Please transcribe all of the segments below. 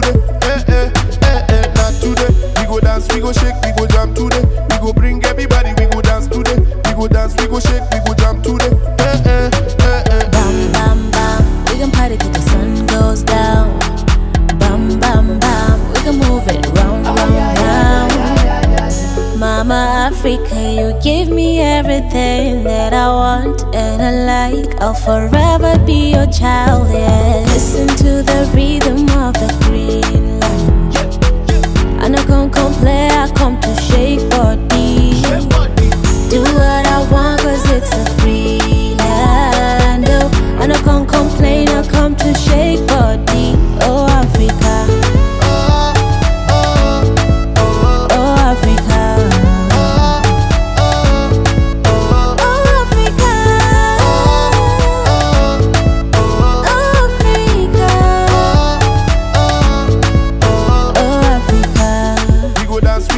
today. Eh eh eh eh, not today. We go dance, we go shake, we go jam today. We go bring everybody, we go dance today. We go dance, we go shake, we go jam today. Eh eh eh eh. Bam bam bam, we gon' party till the sun goes down. Bam bam bam, we gon' move it round round round. Mama Africa, you give me everything that I want and I like. I'll forever be your child, yeah. Listen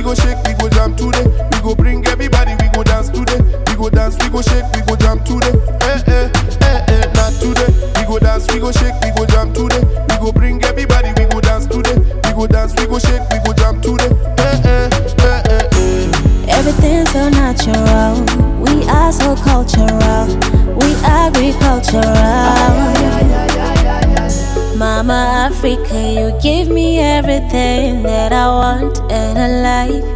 go shake, we go jam today. We go bring everybody, we go dance today. We go dance, we go shake, we go jam today. Eh eh eh eh, not today. We go dance, we go shake, we go jam today. We go bring everybody, we go dance today. We go dance, we go shake, we go jam today. Eh eh eh eh, eh. Everything's so natural. We are so cultural. We agricultural. Mama Africa, you give me everything that I want and I like.